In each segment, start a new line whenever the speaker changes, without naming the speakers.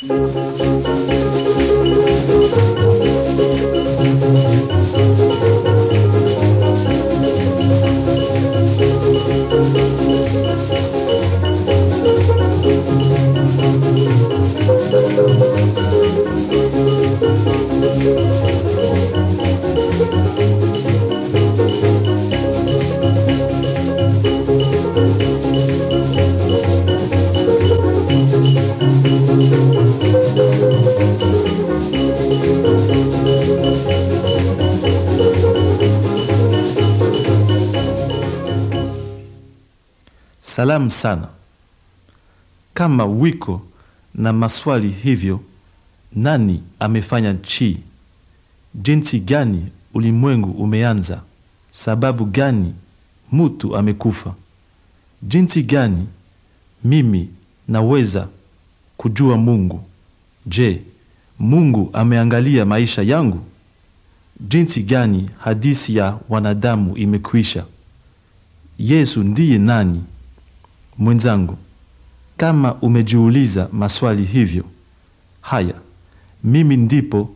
Música salamu sana. Kama wiko na maswali hivyo, nani amefanya nchi? Jinsi gani ulimwengu umeanza? Sababu gani mutu amekufa? Jinsi gani mimi naweza kujua Mungu? Je, Mungu ameangalia maisha yangu? Jinsi gani hadisi ya wanadamu imekwisha? Yesu ndiye nani? Mwenzangu, kama umejiuliza maswali hivyo, haya, mimi ndipo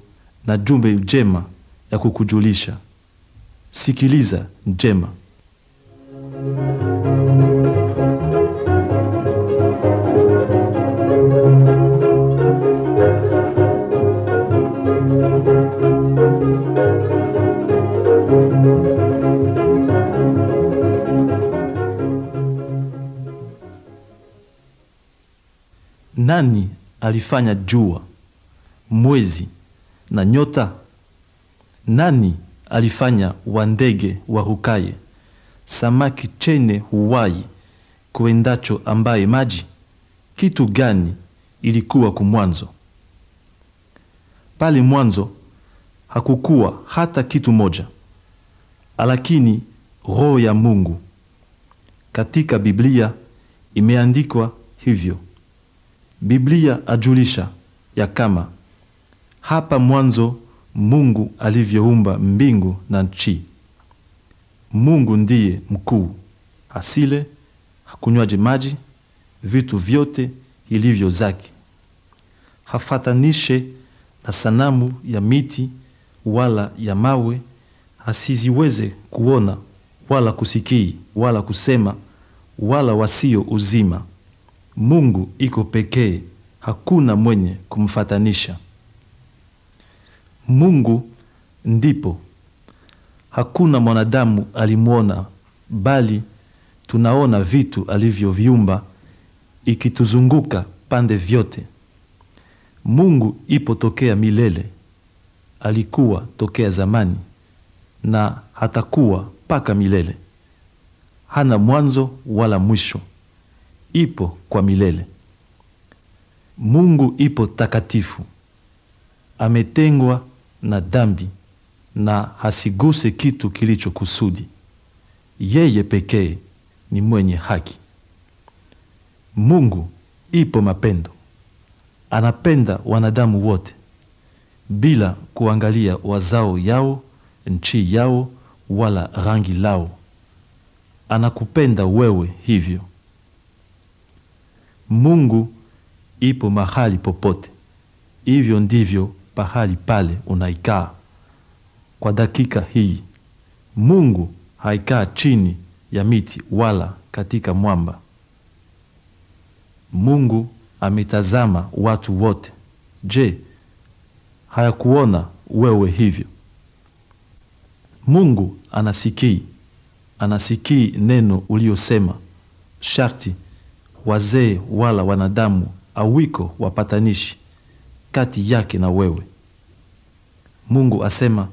na jumbe njema ya kukujulisha. Sikiliza njema. Nani alifanya jua, mwezi na nyota? Nani alifanya wandege warukaye, samaki chene huwai kuendacho ambaye maji? Kitu gani ilikuwa kumwanzo? Pale mwanzo hakukuwa hata kitu moja, alakini roho ya Mungu. Katika Biblia imeandikwa hivyo. Biblia ajulisha ya kama hapa mwanzo Mungu alivyoumba mbingu na nchi. Mungu ndiye mkuu, asile hakunywaje maji, vitu vyote ilivyo zake. Hafatanishe na sanamu ya miti wala ya mawe, asiziweze kuona wala kusikii wala kusema wala wasio uzima. Mungu iko pekee, hakuna mwenye kumfatanisha. Mungu ndipo, hakuna mwanadamu alimwona, bali tunaona vitu alivyoviumba ikituzunguka pande vyote. Mungu ipo tokea milele, alikuwa tokea zamani na hatakuwa mpaka milele. Hana mwanzo wala mwisho ipo kwa milele. Mungu ipo takatifu, ametengwa na dhambi na hasiguse kitu kilicho kusudi. Yeye pekee ni mwenye haki. Mungu ipo mapendo, anapenda wanadamu wote bila kuangalia wazao yao, nchi yao, wala rangi lao. Anakupenda wewe hivyo. Mungu ipo mahali popote. Hivyo ndivyo pahali pale unaikaa kwa dakika hii. Mungu haikaa chini ya miti wala katika mwamba. Mungu ametazama watu wote. Je, hayakuona wewe hivyo? Mungu anasikii, anasikii neno uliosema Sharti wazee wala wanadamu, awiko wapatanishi kati yake na wewe. Mungu asema,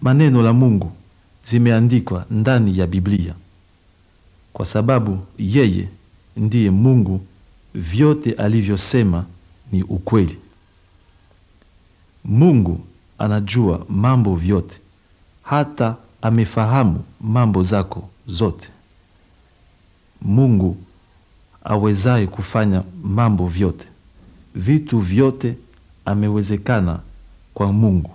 maneno la Mungu zimeandikwa ndani ya Biblia, kwa sababu yeye ndiye Mungu, vyote alivyosema ni ukweli. Mungu anajua mambo vyote, hata amefahamu mambo zako zote. Mungu awezaye kufanya mambo vyote. Vitu vyote amewezekana kwa Mungu.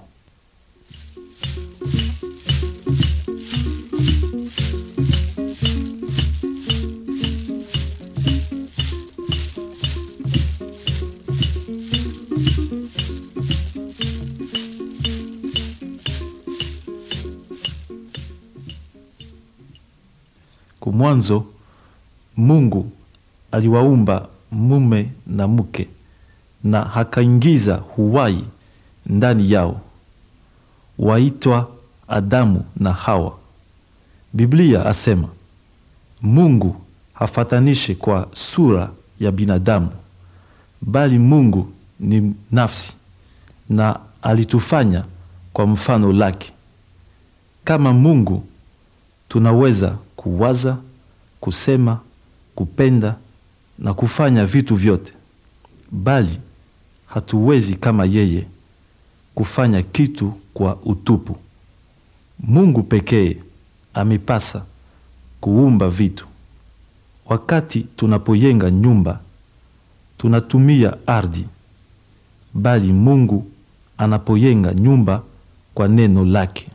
Kumwanzo Mungu aliwaumba mume na mke na hakaingiza huwai ndani yao, waitwa Adamu na Hawa. Biblia asema Mungu hafatanishi kwa sura ya binadamu, bali Mungu ni nafsi na alitufanya kwa mfano lake. Kama Mungu tunaweza kuwaza, kusema, kupenda na kufanya vitu vyote, bali hatuwezi kama yeye kufanya kitu kwa utupu. Mungu pekee amepasa kuumba vitu. Wakati tunapojenga nyumba tunatumia ardhi, bali Mungu anapojenga nyumba kwa neno lake.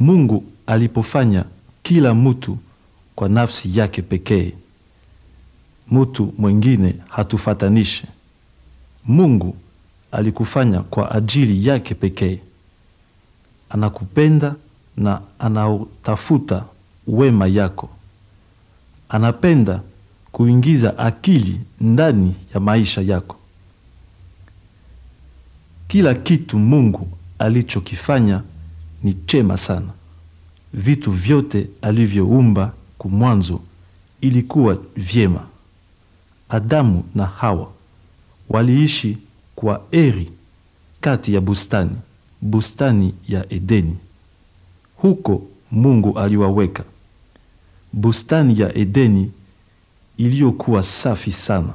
Mungu alipofanya kila mtu kwa nafsi yake pekee mutu mwingine hatufatanishe. Mungu alikufanya kwa ajili yake pekee, anakupenda na anautafuta wema yako. Anapenda kuingiza akili ndani ya maisha yako. Kila kitu Mungu alichokifanya ni chema sana. Vitu vyote alivyoumba kumwanzo ilikuwa vyema. Adamu na Hawa waliishi kwa eri kati ya bustani, bustani ya Edeni. Huko Mungu aliwaweka bustani ya Edeni iliyokuwa safi sana,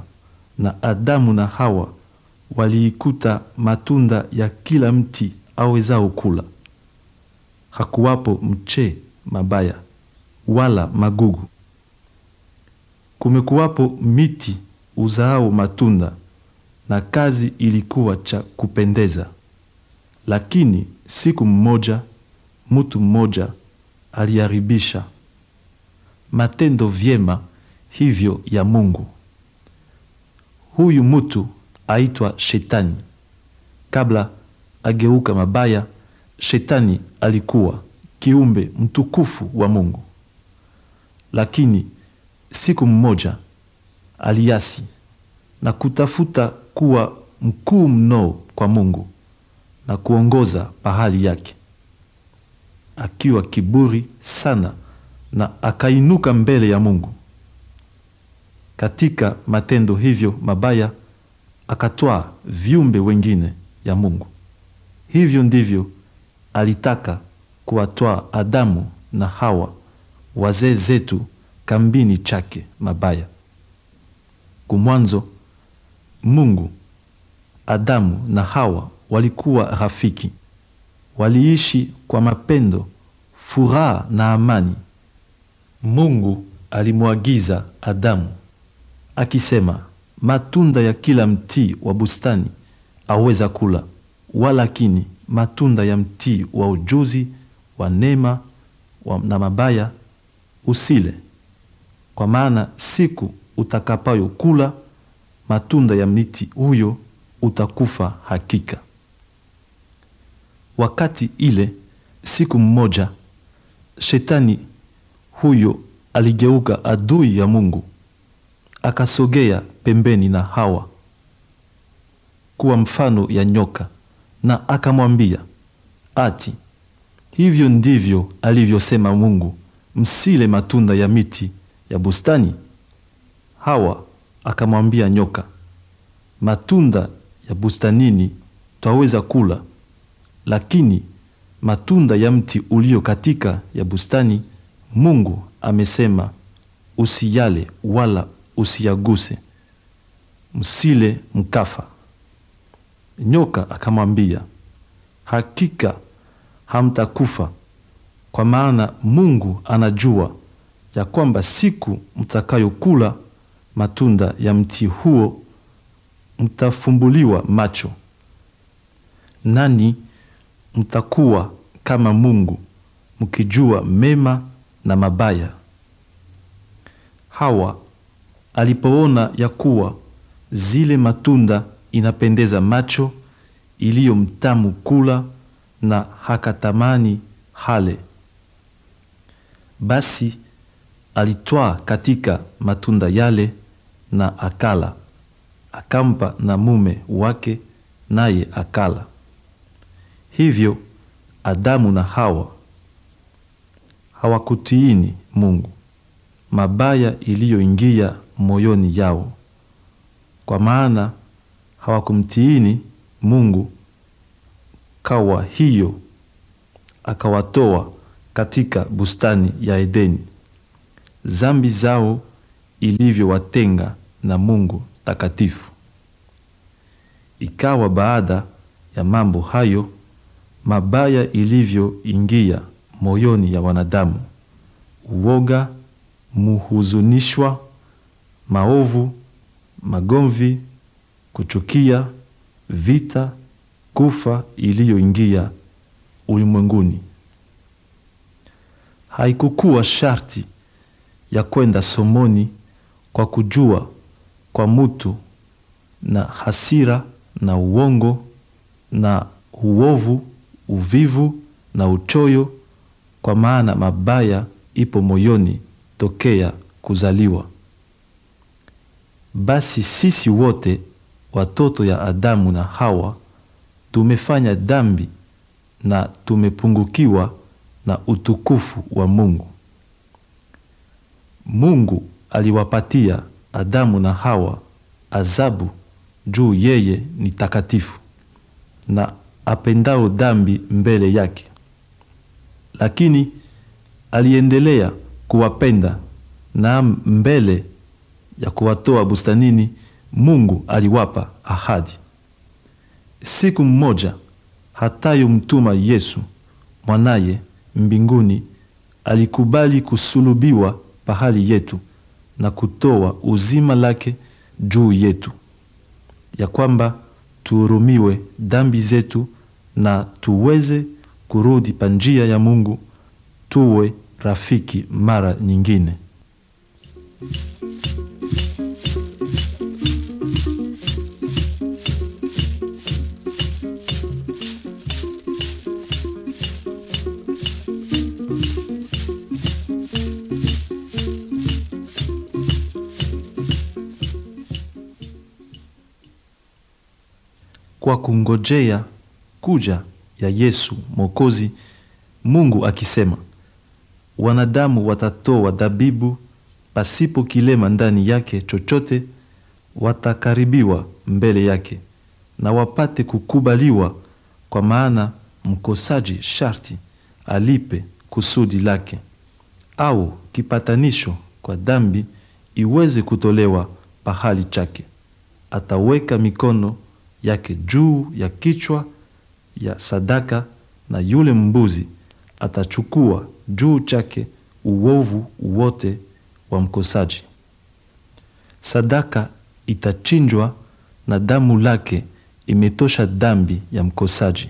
na Adamu na Hawa waliikuta matunda ya kila mti awezao kula. Hakuwapo mche mabaya wala magugu. Kumekuwapo miti uzaao matunda na kazi ilikuwa cha kupendeza. Lakini siku mmoja mtu mmoja aliharibisha matendo vyema hivyo ya Mungu. Huyu mtu aitwa Shetani. Kabla ageuka mabaya, Shetani alikuwa kiumbe mtukufu wa Mungu. Lakini siku mmoja aliasi na kutafuta kuwa mkuu mno kwa Mungu na kuongoza pahali yake, akiwa kiburi sana, na akainuka mbele ya Mungu. Katika matendo hivyo mabaya akatwaa viumbe wengine ya Mungu. Hivyo ndivyo alitaka kuwatwaa Adamu na Hawa, wazee zetu, kambini chake mabaya. Kumwanzo Mungu, Adamu na Hawa walikuwa rafiki, waliishi kwa mapendo, furaha na amani. Mungu alimwagiza Adamu akisema, matunda ya kila mti wa bustani aweza kula, walakini matunda ya mti wa ujuzi wa neema na mabaya usile, kwa maana siku utakapayokula matunda ya mti huyo utakufa hakika. Wakati ile siku mmoja, shetani huyo aligeuka adui ya Mungu, akasogea pembeni na Hawa kuwa mfano ya nyoka, na akamwambia ati, hivyo ndivyo alivyosema Mungu, msile matunda ya miti ya bustani. Hawa akamwambia nyoka, matunda ya bustanini twaweza kula, lakini matunda ya mti ulio katika ya bustani Mungu amesema usiyale wala usiyaguse, msile mkafa. Nyoka akamwambia, hakika hamtakufa, kwa maana Mungu anajua ya kwamba siku mtakayokula matunda ya mti huo mtafumbuliwa macho, nani mtakuwa kama Mungu mkijua mema na mabaya. Hawa alipoona ya kuwa zile matunda inapendeza macho, iliyo mtamu kula, na hakatamani hale, basi alitwaa katika matunda yale na akala. Akampa na mume wake, naye akala. Hivyo Adamu na Hawa hawakutiini Mungu, mabaya iliyoingia moyoni yao, kwa maana hawakumtiini Mungu. Kawa hiyo akawatoa katika bustani ya Edeni. Zambi zao ilivyowatenga na Mungu takatifu. Ikawa baada ya mambo hayo mabaya ilivyoingia moyoni ya wanadamu, uoga, muhuzunishwa, maovu, magomvi, kuchukia, vita, kufa iliyoingia ulimwenguni. Haikukuwa sharti ya kwenda somoni kwa kujua kwa mutu na hasira na uongo na uovu, uvivu na uchoyo, kwa maana mabaya ipo moyoni tokea kuzaliwa. Basi sisi wote watoto ya Adamu na Hawa tumefanya dhambi na tumepungukiwa na utukufu wa Mungu. Mungu aliwapatia Adamu na Hawa adhabu juu yeye ni takatifu na apendao dhambi mbele yake, lakini aliendelea kuwapenda na mbele ya kuwatoa bustanini, Mungu aliwapa ahadi. Siku mmoja hatayo mtuma Yesu mwanaye mbinguni alikubali kusulubiwa pahali yetu na kutoa uzima lake juu yetu, ya kwamba tuhurumiwe dhambi zetu na tuweze kurudi pa njia ya Mungu, tuwe rafiki mara nyingine. kwa kungojea kuja ya Yesu Mwokozi, Mungu akisema, wanadamu watatoa dhabibu pasipo kilema ndani yake chochote, watakaribiwa mbele yake na wapate kukubaliwa, kwa maana mkosaji sharti alipe kusudi lake, au kipatanisho kwa dhambi iweze kutolewa pahali chake. Ataweka mikono yake juu ya kichwa ya sadaka, na yule mbuzi atachukua juu chake uovu wote wa mkosaji. Sadaka itachinjwa na damu lake imetosha dhambi ya mkosaji.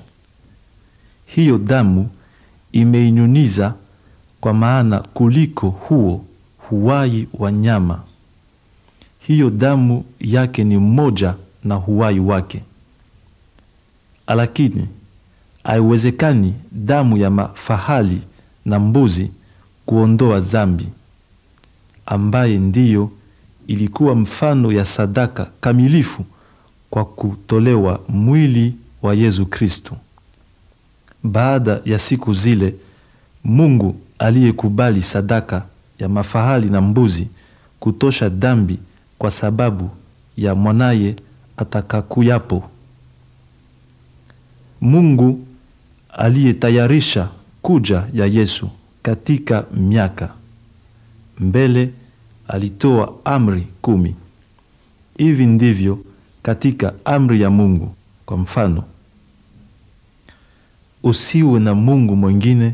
Hiyo damu imeinyuniza kwa maana kuliko huo huwai wa nyama hiyo damu yake ni mmoja na huwai wake. Alakini haiwezekani damu ya mafahali na mbuzi kuondoa zambi ambaye ndiyo ilikuwa mfano ya sadaka kamilifu kwa kutolewa mwili wa Yesu Kristo. Baada ya siku zile, Mungu aliyekubali sadaka ya mafahali na mbuzi kutosha dhambi kwa sababu ya mwanaye atakakuyapo. Mungu aliyetayarisha kuja ya Yesu katika miaka mbele alitoa amri kumi. Hivi ndivyo katika amri ya Mungu, kwa mfano, usiwe na mungu mwingine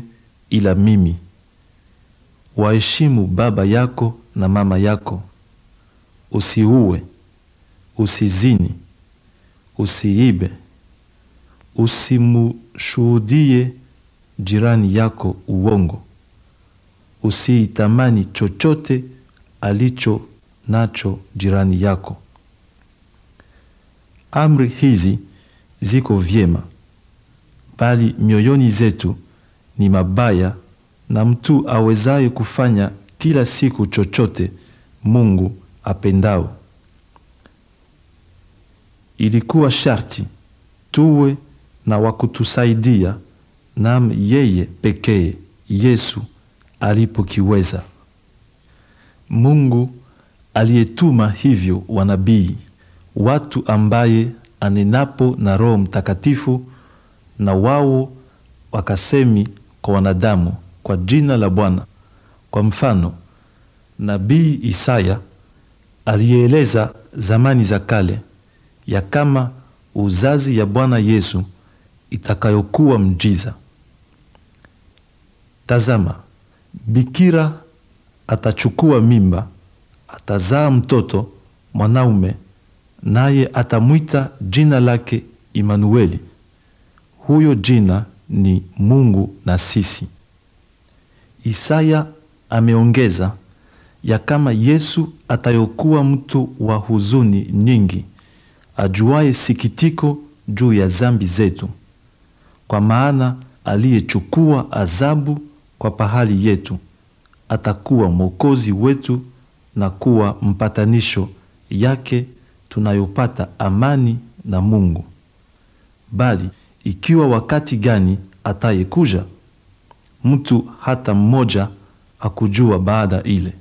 ila mimi, waheshimu baba yako na mama yako, usiuwe usizini, usiibe, usimshuhudie jirani yako uongo, usiitamani chochote alicho nacho jirani yako. Amri hizi ziko vyema, bali mioyoni zetu ni mabaya, na mtu awezaye kufanya kila siku chochote Mungu apendao ilikuwa sharti tuwe na wakutusaidia, nam yeye pekee Yesu alipokiweza. Mungu aliyetuma hivyo wanabii, watu ambaye anenapo na Roho Mtakatifu, na wao wakasemi kwa wanadamu kwa jina la Bwana. Kwa mfano, nabii Isaya alieleza zamani za kale ya kama uzazi ya Bwana Yesu itakayokuwa mjiza. Tazama, bikira atachukua mimba, atazaa mtoto mwanaume, naye atamwita jina lake Imanueli. Huyo jina ni Mungu na sisi. Isaya ameongeza ya kama Yesu atayokuwa mtu wa huzuni nyingi ajuaye sikitiko juu ya zambi zetu, kwa maana aliyechukua adhabu kwa pahali yetu atakuwa mwokozi wetu na kuwa mpatanisho yake, tunayopata amani na Mungu. Bali ikiwa wakati gani atayekuja, mtu hata mmoja hakujua baada ile.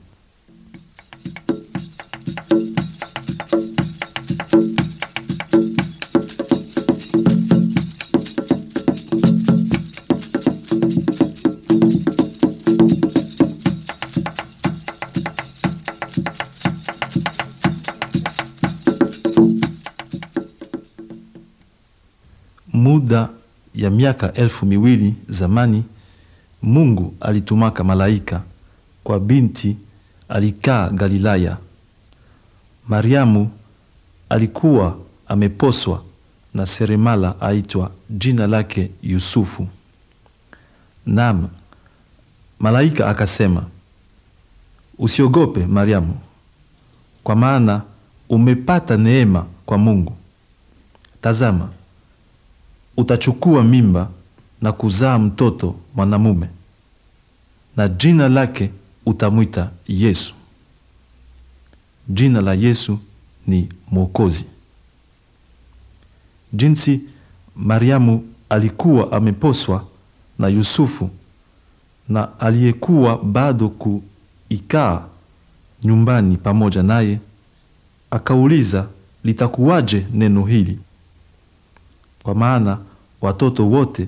ya miaka elfu miwili zamani Mungu alitumaka malaika kwa binti alikaa Galilaya. Mariamu alikuwa ameposwa na seremala aitwa jina lake Yusufu. Naam, malaika akasema, usiogope Mariamu, kwa maana umepata neema kwa Mungu. Tazama, utachukua mimba na kuzaa mtoto mwanamume, na jina lake utamwita Yesu. Jina la Yesu ni Mwokozi. Jinsi Mariamu alikuwa ameposwa na Yusufu na aliyekuwa bado kuikaa nyumbani pamoja naye, akauliza litakuwaje neno hili, kwa maana watoto wote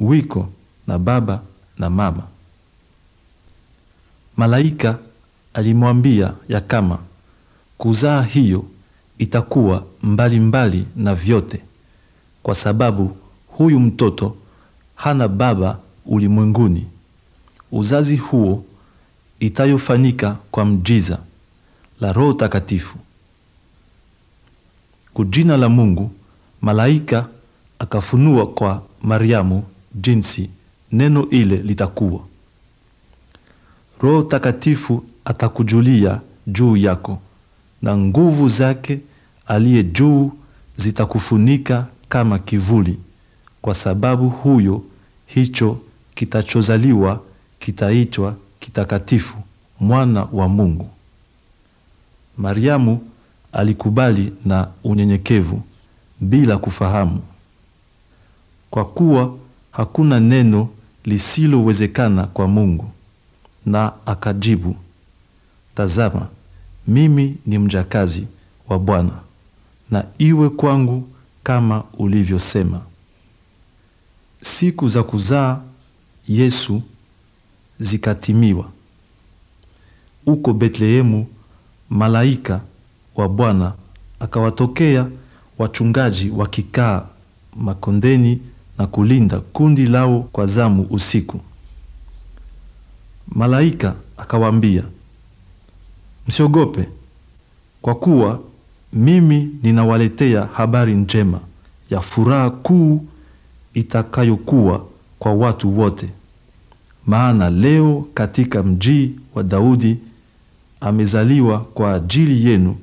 wiko na baba na mama. Malaika alimwambia ya kama kuzaa hiyo itakuwa mbali mbali na vyote, kwa sababu huyu mtoto hana baba ulimwenguni. Uzazi huo itayofanyika kwa mjiza la Roho Takatifu. Kujina la Mungu malaika akafunua kwa Mariamu jinsi neno ile litakuwa. Roho Takatifu atakujulia juu yako na nguvu zake aliye juu zitakufunika kama kivuli, kwa sababu huyo hicho kitachozaliwa kitaitwa kitakatifu, mwana wa Mungu. Mariamu alikubali na unyenyekevu bila kufahamu kwa kuwa hakuna neno lisilowezekana kwa Mungu. Na akajibu, tazama, mimi ni mjakazi wa Bwana, na iwe kwangu kama ulivyosema. Siku za kuzaa Yesu zikatimiwa. Uko Betlehemu malaika wa Bwana akawatokea wachungaji wakikaa makondeni na kulinda kundi lao kwa zamu usiku. Malaika akawaambia, msiogope, kwa kuwa mimi ninawaletea habari njema ya furaha kuu itakayokuwa kwa watu wote. Maana leo katika mji wa Daudi amezaliwa kwa ajili yenu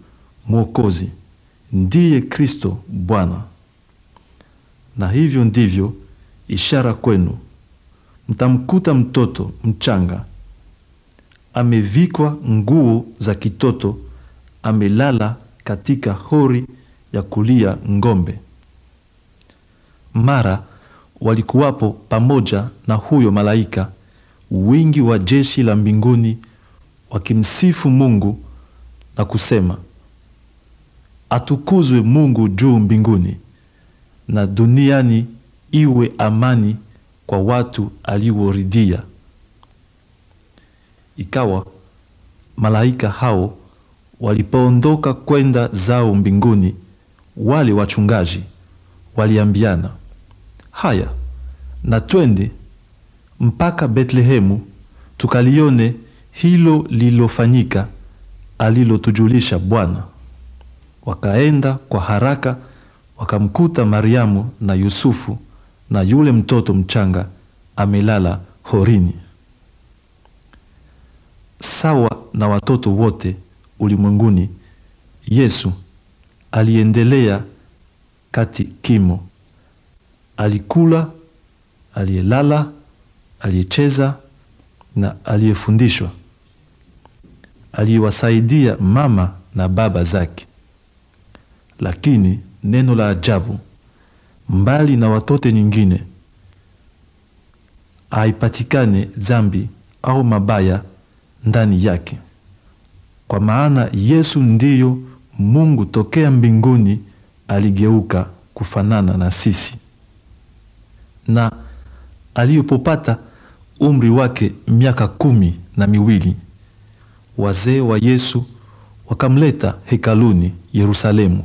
Mwokozi, ndiye Kristo Bwana na hivyo ndivyo ishara kwenu, mtamkuta mtoto mchanga amevikwa nguo za kitoto, amelala katika hori ya kulia ng'ombe. Mara walikuwapo pamoja na huyo malaika wingi wa jeshi la mbinguni wakimsifu Mungu na kusema, atukuzwe Mungu juu mbinguni na duniani iwe amani kwa watu aliworidia Ikawa malaika hao walipoondoka kwenda zao mbinguni, wale wachungaji waliambiana, haya na twende mpaka Betlehemu tukalione hilo lilofanyika alilotujulisha Bwana. Wakaenda kwa haraka wakamkuta Mariamu na Yusufu na yule mtoto mchanga amelala horini, sawa na watoto wote ulimwenguni. Yesu aliendelea kati kimo, alikula, aliyelala, aliyecheza na aliyefundishwa. Aliwasaidia mama na baba zake, lakini neno la ajabu mbali na watote nyingine haipatikane dhambi au mabaya ndani yake, kwa maana Yesu ndiyo Mungu tokea mbinguni aligeuka kufanana na sisi, na aliyopopata umri wake miaka kumi na miwili wazee wa Yesu wakamleta hekaluni Yerusalemu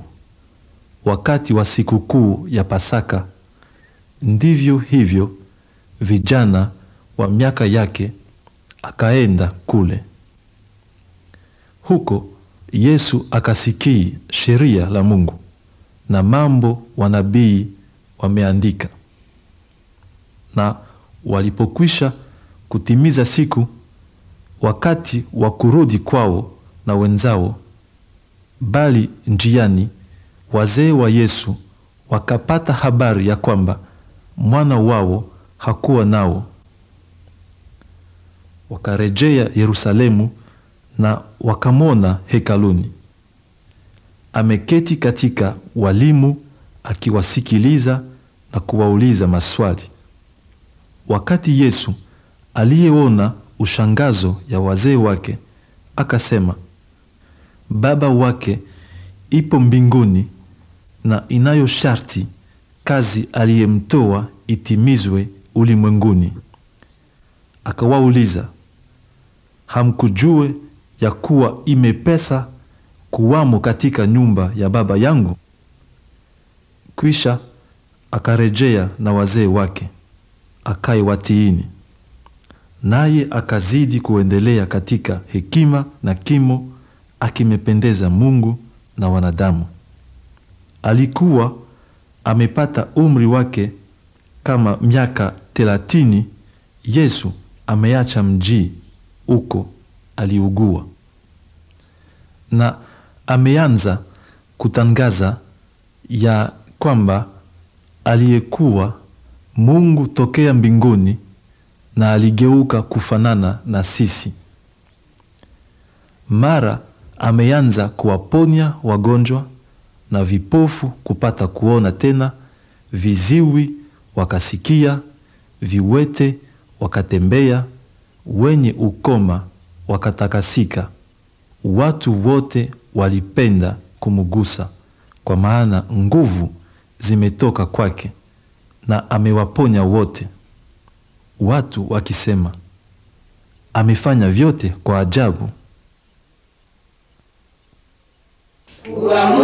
wakati wa sikukuu ya Pasaka, ndivyo hivyo vijana wa miaka yake akaenda kule. Huko Yesu akasikii sheria la Mungu na mambo wanabii wameandika. Na walipokwisha kutimiza siku, wakati wa kurudi kwao na wenzao, bali njiani wazee wa Yesu wakapata habari ya kwamba mwana wao hakuwa nao, wakarejea Yerusalemu na wakamwona hekaluni ameketi katika walimu akiwasikiliza na kuwauliza maswali. Wakati Yesu aliyeona ushangazo ya wazee wake akasema, Baba wake ipo mbinguni, na inayo sharti kazi aliyemtoa itimizwe ulimwenguni. Akawauliza, hamkujue ya kuwa imepesa kuwamo katika nyumba ya baba yangu? Kisha akarejea na wazee wake akaye watiini, naye akazidi kuendelea katika hekima na kimo, akimependeza Mungu na wanadamu alikuwa amepata umri wake kama miaka thelathini. Yesu ameacha mji uko aliugua na ameanza kutangaza ya kwamba aliyekuwa Mungu tokea mbinguni na aligeuka kufanana na sisi. Mara ameanza kuwaponya wagonjwa na vipofu kupata kuona tena, viziwi wakasikia, viwete wakatembea, wenye ukoma wakatakasika. Watu wote walipenda kumugusa, kwa maana nguvu zimetoka kwake na amewaponya wote. Watu wakisema amefanya vyote kwa ajabu. Uamu.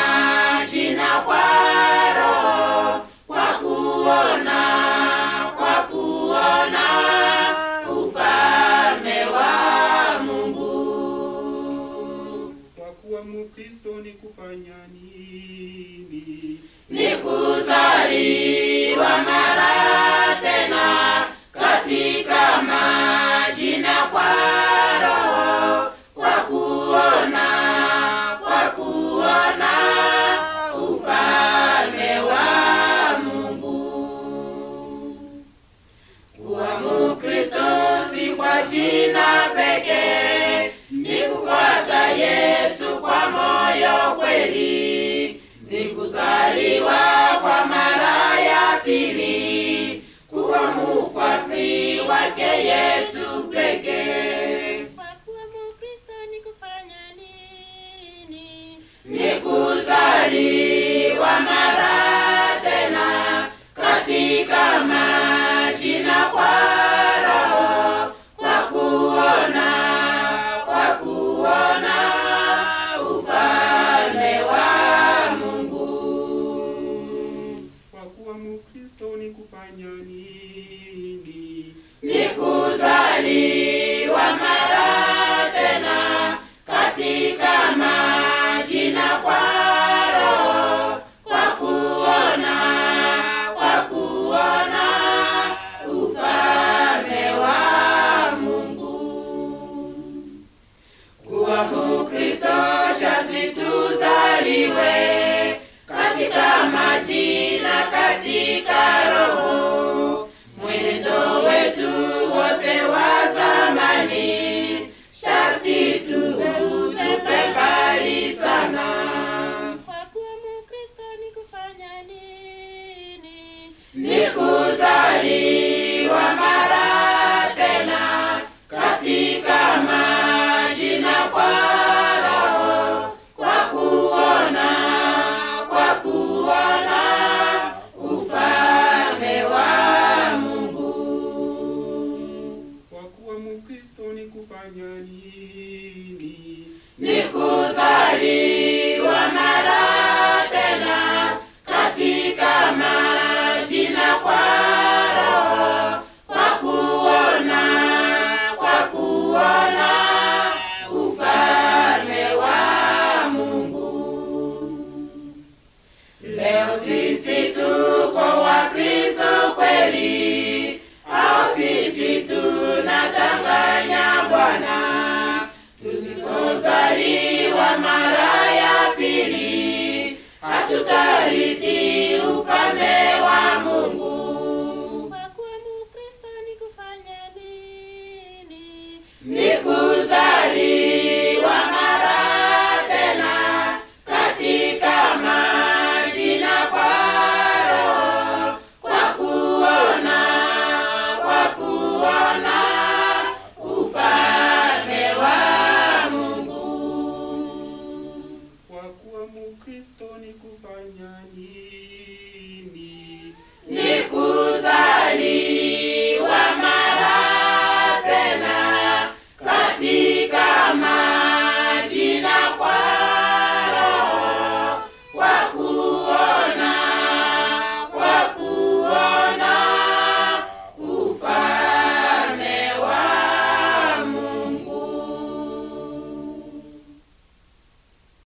maraya pili kuwa mufasi wake Yesu